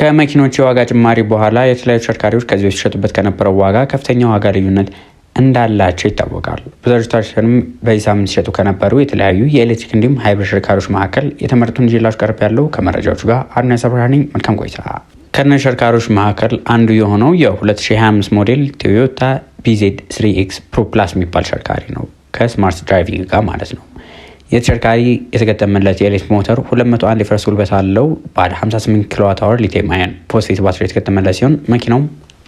ከመኪኖች የዋጋ ጭማሪ በኋላ የተለያዩ ተሽከርካሪዎች ከዚህ ሲሸጡበት ከነበረው ዋጋ ከፍተኛ ዋጋ ልዩነት እንዳላቸው ይታወቃል። በተሽከርካሪዎችንም በዚህ ሳምንት ሲሸጡ ከነበሩ የተለያዩ የኤሌክትሪክ እንዲሁም ሃይብሪድ ተሽከርካሪዎች መካከል የተመረጡን ይዤላችሁ ቀርብ ያለው ከመረጃዎቹ ጋር አዱኛ ሰብርሃን ነኝ። መልካም ቆይታ። ከነ ተሽከርካሪዎች መካከል አንዱ የሆነው የ2025 ሞዴል ቶዮታ ቢዜድ 3 ኤክስ ፕሮ ፕላስ የሚባል ተሽከርካሪ ነው። ከስማርት ድራይቪንግ ጋር ማለት ነው። የተሽከርካሪ የተገጠመለት የኤሌክትሪክ ሞተር 201 የፈረስ ጉልበት አለው። ባለ 58 ኪሎዋት አወር ሊቲየም አየን ፎስፌት ባትሪ የተገጠመለት ሲሆን መኪናውም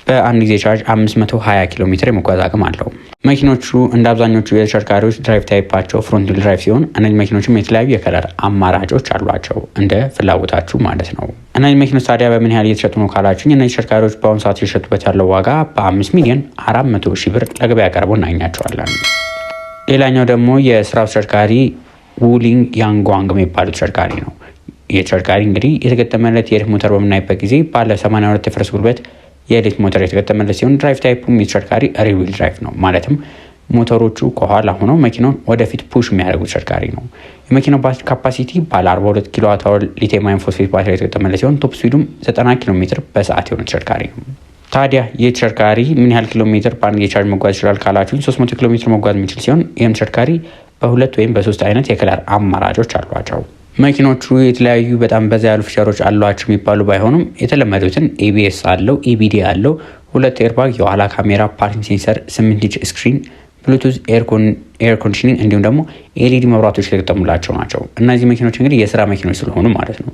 በአንድ ጊዜ ቻርጅ 520 ኪሎ ሜትር የመጓዝ አቅም አለው። መኪኖቹ እንደ አብዛኞቹ የተሽከርካሪዎች ድራይቭ ታይፓቸው ፍሮንት ዊል ድራይቭ ሲሆን እነዚህ መኪኖችም የተለያዩ የከለር አማራጮች አሏቸው እንደ ፍላጎታችሁ ማለት ነው። እነዚህ መኪኖች ታዲያ በምን ያህል እየተሸጡ ነው ካላችሁኝ፣ እነዚህ ተሽከርካሪዎች በአሁኑ ሰዓት እየሸጡበት ያለው ዋጋ በ5 ሚሊዮን 400 ሺህ ብር ለገበያ ቀርቦ እናገኛቸዋለን። ሌላኛው ደግሞ የስራ ተሽከርካሪ ውሊንግ ያንጓንግ የሚባለው ተሽከርካሪ ነው። ይህ ተሽከርካሪ እንግዲህ የተገጠመለት የኤሌክትሪክ ሞተር በምናይበት ጊዜ ባለ 82 የፈረስ ጉልበት የኤሌክትሪክ ሞተር የተገጠመለት ሲሆን ድራይቭ ታይፑም የተሽከርካሪ ሪዊል ድራይቭ ነው። ማለትም ሞተሮቹ ከኋላ ሆነው መኪናውን ወደፊት ፑሽ የሚያደርጉ ተሽከርካሪ ነው። የመኪናው ባትሪ ካፓሲቲ ባለ 42 ኪሎ ዋት አወር ሊቲየም አየን ፎስፌት ባትሪ የተገጠመለት ሲሆን ቶፕ ስፒዱም 90 ኪሎ ሜትር በሰዓት የሆነ ተሽከርካሪ ነው። ታዲያ ይህ ተሽከርካሪ ምን ያህል ኪሎ ሜትር በአንድ የቻርጅ መጓዝ ይችላል ካላችሁ 300 ኪሎ ሜትር መጓዝ የሚችል ሲሆን ይህም ተሽከርካሪ በሁለት ወይም በሶስት አይነት የክላር አማራጮች አሏቸው። መኪኖቹ የተለያዩ በጣም በዛ ያሉ ፊቸሮች አሏቸው የሚባሉ ባይሆኑም የተለመዱትን ኤቢኤስ አለው፣ ኤቢዲ አለው፣ ሁለት ኤርባግ፣ የኋላ ካሜራ፣ ፓርኪንግ ሴንሰር፣ ስምንት ኢንች ስክሪን፣ ብሉቱዝ፣ ኤር ኮንዲሽኒንግ እንዲሁም ደግሞ ኤልኢዲ መብራቶች የተገጠሙላቸው ናቸው። እነዚህ መኪኖች እንግዲህ የስራ መኪኖች ስለሆኑ ማለት ነው።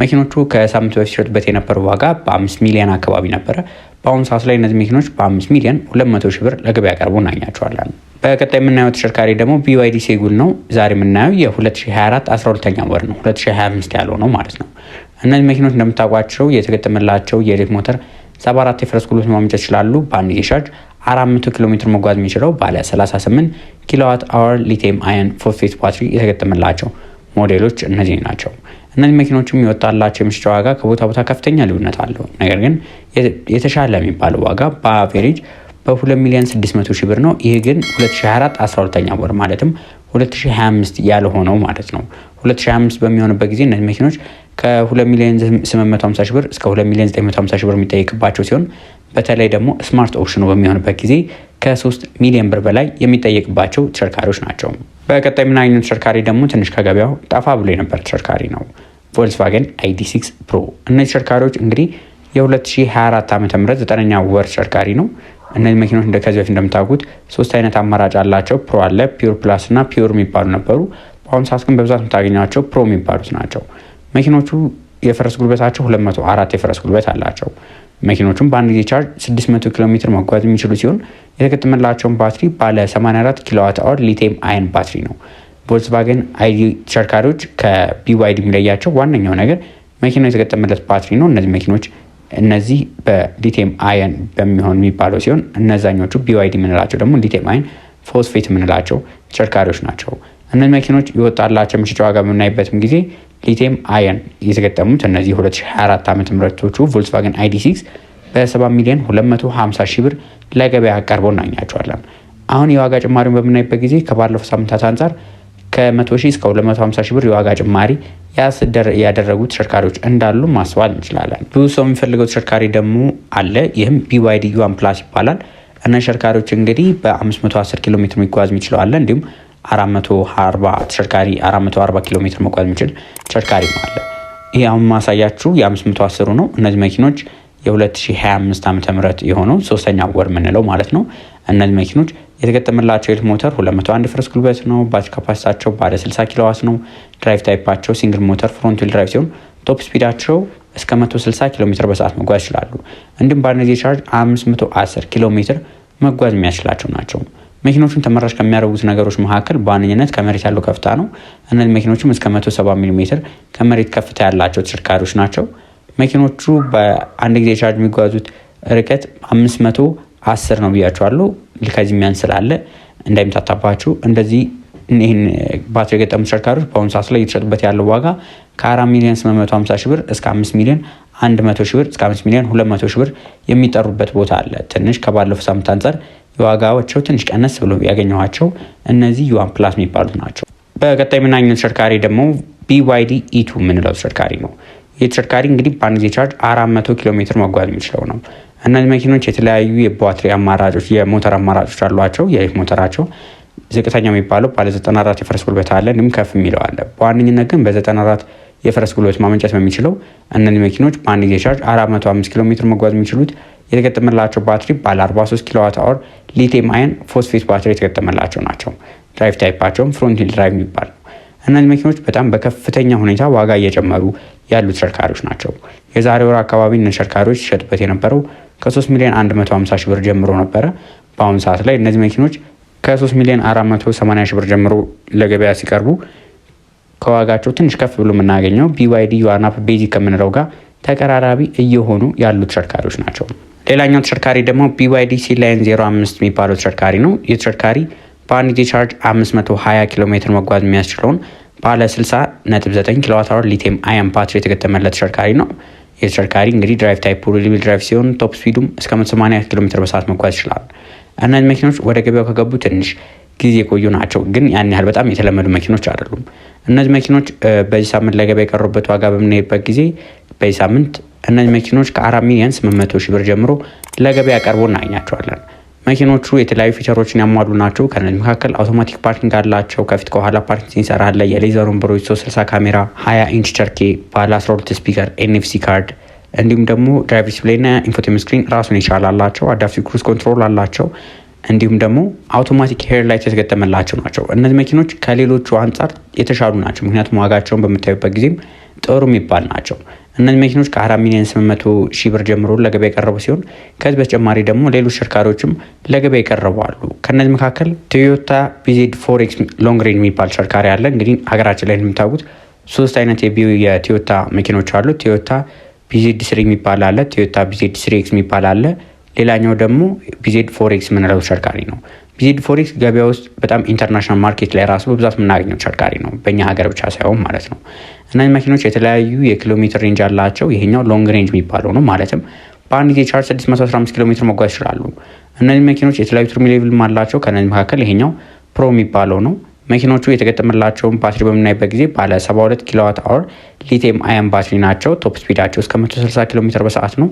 መኪኖቹ ከሳምንት በፊት ሲሸጡበት የነበረው ዋጋ በአምስት ሚሊዮን አካባቢ ነበረ። በአሁኑ ሰዓት ላይ እነዚህ መኪኖች በአምስት ሚሊዮን ሁለት መቶ ሺህ ብር ለገበያ ቀርቦ እናገኛቸዋለን። በቀጣይ የምናየው ተሽከርካሪ ደግሞ ቢዋይዲ ሴጉል ነው። ዛሬ የምናየው የ2024 12ኛ ወር ነው 2025 ያለው ነው ማለት ነው። እነዚህ መኪኖች እንደምታውቋቸው የተገጠመላቸው የኤሌክትሪክ ሞተር 74 የፈረስ ጉልበት ማመንጨት ይችላሉ። በአንድ የሻርጅ 400 ኪሎ ሜትር መጓዝ የሚችለው ባለ 38 ኪሎዋት አወር ሊቲየም አየን ፎስፌት ባትሪ የተገጠመላቸው ሞዴሎች እነዚህ ናቸው። እነዚህ መኪኖችም የወጣላቸው የመሸጫ ዋጋ ከቦታ ቦታ ከፍተኛ ልዩነት አለው። ነገር ግን የተሻለ የሚባለው ዋጋ በአቬሬጅ በ2 ሚሊዮን 600 ሺህ ብር ነው። ይህ ግን 2024 12ኛ ወር ማለትም 2025 ያልሆነው ማለት ነው። 2025 በሚሆንበት ጊዜ እነዚህ መኪኖች ከ2 ሚሊዮን 850 ሺህ ብር እስከ 2 ሚሊዮን 950 ሺህ ብር የሚጠይቅባቸው ሲሆን በተለይ ደግሞ ስማርት ኦፕሽኑ በሚሆንበት ጊዜ ከ3 ሚሊዮን ብር በላይ የሚጠየቅባቸው ተሽከርካሪዎች ናቸው። በቀጣይ የምናገኘው ተሽከርካሪ ደግሞ ትንሽ ከገበያው ጠፋ ብሎ የነበረ ተሽከርካሪ ነው፣ ቮልስቫገን አይዲ6 ፕሮ። እነዚህ ተሽከርካሪዎች እንግዲህ የ2024 ዓ ም ዘጠነኛ ወር ተሽከርካሪ ነው። እነዚህ መኪኖች ከዚህ በፊት እንደምታውቁት ሶስት አይነት አማራጭ አላቸው። ፕሮ አለ፣ ፒውር ፕላስ እና ፒውር የሚባሉ ነበሩ። በአሁኑ ሰዓት ግን በብዛት የምታገኛቸው ፕሮ የሚባሉት ናቸው። መኪኖቹ የፈረስ ጉልበታቸው 204 የፈረስ ጉልበት አላቸው። መኪኖቹም በአንድ ጊዜ ቻርጅ 600 ኪሎ ሜትር መጓዝ የሚችሉ ሲሆን የተገጠመላቸውን ባትሪ ባለ 84 ኪሎዋት አወር ሊቴም አይን ባትሪ ነው። ቮልስቫገን አይዲ ተሽከርካሪዎች ከቢዋይዲ የሚለያቸው ዋነኛው ነገር መኪናው የተገጠመለት ባትሪ ነው። እነዚህ መኪኖች እነዚህ በሊቲየም አየን በሚሆን የሚባለው ሲሆን እነዛኞቹ ቢዋይዲ የምንላቸው ደግሞ ሊቲየም አየን ፎስፌት የምንላቸው ተሽከርካሪዎች ናቸው። እነዚህ መኪኖች የወጣላቸው መሸጫ ዋጋ በምናይበትም ጊዜ ሊቲየም አየን የተገጠሙት እነዚህ 2024 ዓመት ምረቶቹ ቮልክስቫገን አይዲ6 በ7 ሚሊዮን 250 ሺህ ብር ለገበያ አቀርበው እናገኛቸዋለን። አሁን የዋጋ ጭማሪውን በምናይበት ጊዜ ከባለፉ ሳምንታት አንጻር ከ100 ሺህ እስከ 250 ሺህ ብር የዋጋ ጭማሪ ያደረጉ ተሽከርካሪዎች እንዳሉ ማስተዋል እንችላለን። ብዙ ሰው የሚፈልገው ተሽከርካሪ ደግሞ አለ። ይህም ቢዋይዲ ዩዋን ፕላስ ይባላል። እነ ተሽከርካሪዎች እንግዲህ በ510 ኪሎ ሜትር የሚጓዝ የሚችለው አለ እንዲሁም 440 ተሽከርካሪ 440 ኪሎ ሜትር መጓዝ የሚችል ተሽከርካሪ ነው አለ። ይህ አሁን ማሳያችሁ የ510 ነው። እነዚህ መኪኖች የ2025 ዓ ም የሆነው ሶስተኛ ወር የምንለው ማለት ነው። እነዚህ መኪኖች የተገጠመላቸው የት ሞተር 201 ፈረስ ጉልበት ነው። ባች ካፓሲታቸው ባለ 60 ኪሎዋት ነው። ድራይቭ ታይፓቸው ሲንግል ሞተር ፍሮንት ዊል ድራይቭ ሲሆን ቶፕ ስፒዳቸው እስከ 160 ኪሎ ሜትር በሰዓት መጓዝ ይችላሉ። እንዲሁም በአነርጂ ቻርጅ 510 ኪሎ ሜትር መጓዝ የሚያስችላቸው ናቸው። መኪኖቹን ተመራጭ ከሚያደርጉት ነገሮች መካከል በዋነኝነት ከመሬት ያለው ከፍታ ነው። እነዚህ መኪኖችም እስከ 170 ሚሊ ሜትር ከመሬት ከፍታ ያላቸው ተሽከርካሪዎች ናቸው። መኪኖቹ በአንድ ጊዜ ቻርጅ የሚጓዙት ርቀት 510 ነው ብያቸዋለሁ። ከዚህ የሚያን ስላለ እንዳይምታታባችሁ እንደዚህ ይህን ባትሪ የገጠሙ ተሽከርካሪዎች በአሁኑ ሰዓት ላይ እየተሸጡበት ያለው ዋጋ ከ4 ሚሊዮን 850 ሺህ ብር እስከ 5 ሚሊዮን 100 ሺህ ብር እስከ 5 ሚሊዮን 200 ሺህ ብር የሚጠሩበት ቦታ አለ። ትንሽ ከባለፈው ሳምንት አንጻር የዋጋቸው ትንሽ ቀነስ ብሎ ያገኘኋቸው እነዚህ ዩዋን ፕላስ የሚባሉት ናቸው። በቀጣይ የምናኘው ተሽከርካሪ ደግሞ ቢዋይዲ ኢቱ የምንለው ተሽከርካሪ ነው። ይህ ተሽከርካሪ እንግዲህ በአንድ ጊዜ ቻርጅ 400 ኪሎ ሜትር መጓዝ የሚችለው ነው። እነዚህ መኪኖች የተለያዩ የባትሪ አማራጮች የሞተር አማራጮች አሏቸው። የይህ ሞተራቸው ዝቅተኛ የሚባለው ባለ 94 የፈረስ ጉልበት አለ፣ እንዲሁም ከፍ የሚለው አለ። በዋነኝነት ግን በ94 የፈረስ ጉልበት ማመንጨት በሚችለው እነዚህ መኪኖች በአንድ ጊዜ ቻርጅ 45 ኪሎ ሜትር መጓዝ የሚችሉት የተገጠመላቸው ባትሪ ባለ 43 ኪሎዋት አወር ሊቲየም አየን ፎስፌት ባትሪ የተገጠመላቸው ናቸው። ድራይቭ ታይፓቸውም ፍሮንት ድራይቭ የሚባል ነው። እነዚህ መኪኖች በጣም በከፍተኛ ሁኔታ ዋጋ እየጨመሩ ያሉ ተሽከርካሪዎች ናቸው። የዛሬ ወር አካባቢ እነ ተሽከርካሪዎች ሲሸጥበት የነበረው ከ3 ሚሊዮን 150 ሺህ ብር ጀምሮ ነበረ። በአሁኑ ሰዓት ላይ እነዚህ መኪኖች ከ3 ሚሊዮን 480 ሺህ ብር ጀምሮ ለገበያ ሲቀርቡ ከዋጋቸው ትንሽ ከፍ ብሎ የምናገኘው ቢዋይዲ ዩአናፕ ቤዚክ ከምንለው ጋር ተቀራራቢ እየሆኑ ያሉ ተሽከርካሪዎች ናቸው። ሌላኛው ተሽከርካሪ ደግሞ ቢዋይዲ ሲላይን 05 የሚባለው ተሽከርካሪ ነው። ይህ ተሽከርካሪ በአንድ ጊዜ ቻርጅ 520 ኪሎ ሜትር መጓዝ የሚያስችለውን ባለ 60.9 ኪሎዋት አወር ሊቲየም አየን ባትሪ የተገጠመለት ተሽከርካሪ ነው። የተሽከርካሪ እንግዲህ ድራይቭ ታይፕ ዊል ሊቪል ድራይቭ ሲሆን ቶፕ ስፒዱም እስከ 180 ኪሎ ሜትር በሰዓት መጓዝ ይችላል። እነዚህ መኪኖች ወደ ገበያው ከገቡ ትንሽ ጊዜ የቆዩ ናቸው፣ ግን ያን ያህል በጣም የተለመዱ መኪኖች አይደሉም። እነዚህ መኪኖች በዚህ ሳምንት ለገበያ የቀረቡበት ዋጋ በምናይበት ጊዜ በዚህ ሳምንት እነዚህ መኪኖች ከ4 ሚሊዮን 800 ሺህ ብር ጀምሮ ለገበያ ቀርቦ እናገኛቸዋለን። መኪኖቹ የተለያዩ ፊቸሮችን ያሟሉ ናቸው። ከነዚህ መካከል አውቶማቲክ ፓርኪንግ አላቸው። ከፊት ከኋላ ፓርኪንግ ሴንሰር አለ። የሌዘር ወንበሮች፣ 360 ካሜራ፣ 20 ኢንች ቸርኬ፣ ባለ 12 ስፒከር፣ ኤንኤፍሲ ካርድ እንዲሁም ደግሞ ድራይቭ ዲስፕሌይና ኢንፎቴም ስክሪን ራሱን የቻለ አላቸው። አዳፕቲቭ ክሩዝ ኮንትሮል አላቸው። እንዲሁም ደግሞ አውቶማቲክ ሄር ላይት የተገጠመላቸው ናቸው። እነዚህ መኪኖች ከሌሎቹ አንጻር የተሻሉ ናቸው። ምክንያቱም ዋጋቸውን በምታዩበት ጊዜም ጥሩ የሚባል ናቸው። እነዚህ መኪኖች ከ4 ሚሊዮን 800 ሺህ ብር ጀምሮ ለገበያ የቀረቡ ሲሆን ከዚህ በተጨማሪ ደግሞ ሌሎች ሸርካሪዎችም ለገበያ የቀረቡ አሉ። ከእነዚህ መካከል ቶዮታ ቢዜድ ፎሬክስ ሎንግ ሬንጅ የሚባል ሸርካሪ አለ። እንግዲህ ሀገራችን ላይ እንደምታውቁት ሶስት አይነት የቢዩ የቶዮታ መኪኖች አሉ። ቶዮታ ቢዜድ ስሪ የሚባል አለ። ቶዮታ ቢዜድ ስሪ ኤክስ የሚባል አለ። ሌላኛው ደግሞ ቢዜድ ፎሬክስ የምንለው ሸርካሪ ነው። ቢዚድ ፎሬክስ ገበያ ውስጥ በጣም ኢንተርናሽናል ማርኬት ላይ ራሱ በብዛት የምናገኘው ተሽከርካሪ ነው፣ በእኛ ሀገር ብቻ ሳይሆን ማለት ነው። እነዚህ መኪኖች የተለያዩ የኪሎ ሜትር ሬንጅ አላቸው። ይሄኛው ሎንግ ሬንጅ የሚባለው ነው ማለትም በአንድ ጊዜ ቻርጅ 615 ኪሎ ሜትር መጓዝ ይችላሉ። እነዚህ መኪኖች የተለያዩ ትርሚ ሌቭልም አላቸው። ከነዚህ መካከል ይሄኛው ፕሮ የሚባለው ነው። መኪኖቹ የተገጠመላቸውን ባትሪ በምናይበት ጊዜ ባለ 72 ኪሎዋት አወር ሊቲየም አየን ባትሪ ናቸው። ቶፕ ስፒዳቸው እስከ 160 ኪሎ ሜትር በሰዓት ነው።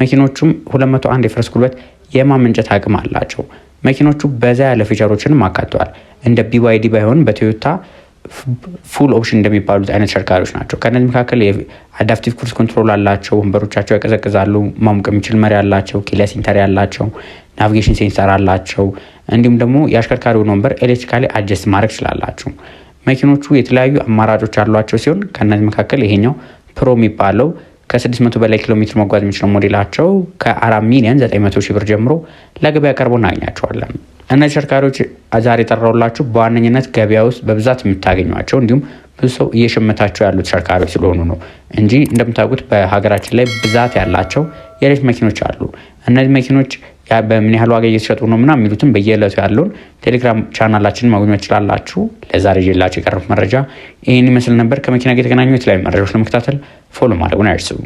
መኪኖቹም 201 የፈረስ ጉልበት የማመንጨት አቅም አላቸው። መኪኖቹ በዛ ያለ ፊቸሮችንም አካተዋል። እንደ ቢዋይዲ ባይሆን በቶዮታ ፉል ኦፕሽን እንደሚባሉት አይነት ተሽከርካሪዎች ናቸው። ከእነዚህ መካከል አዳፕቲቭ ክሩዝ ኮንትሮል አላቸው፣ ወንበሮቻቸው ያቀዘቅዛሉ፣ ማሞቅ የሚችል መሪ አላቸው፣ ኪሊያ ያላቸው፣ ናቪጌሽን ሴንሰር አላቸው። እንዲሁም ደግሞ የአሽከርካሪውን ወንበር ኤሌክትሪካሊ አጀስት ማድረግ ስላላቸው መኪኖቹ የተለያዩ አማራጮች ያሏቸው ሲሆን ከእነዚህ መካከል ይሄኛው ፕሮ የሚባለው ከ600 በላይ ኪሎ ሜትር መጓዝ የሚችለው ሞዴላቸው ከ4 ሚሊዮን 900 ሺህ ብር ጀምሮ ለገበያ ቀርቦ እናገኛቸዋለን። እነዚህ ተሽከርካሪዎች ዛሬ የጠራውላችሁ በዋነኝነት ገበያ ውስጥ በብዛት የምታገኟቸው እንዲሁም ብዙ ሰው እየሸመታቸው ያሉ ተሽከርካሪዎች ስለሆኑ ነው እንጂ እንደምታውቁት በሀገራችን ላይ ብዛት ያላቸው የሌት መኪኖች አሉ። እነዚህ መኪኖች በምን ያህል ዋጋ እየተሸጡ ነው ምና የሚሉትም በየዕለቱ ያለውን ቴሌግራም ቻናላችን ማግኘት ይችላላችሁ። ለዛሬ ይዤላችሁ የቀረቡት መረጃ ይህን ይመስል ነበር። ከመኪና ጋር የተገናኙ የተለያዩ መረጃዎች ለመከታተል ፎሎ ማድረጉን አይርሱ።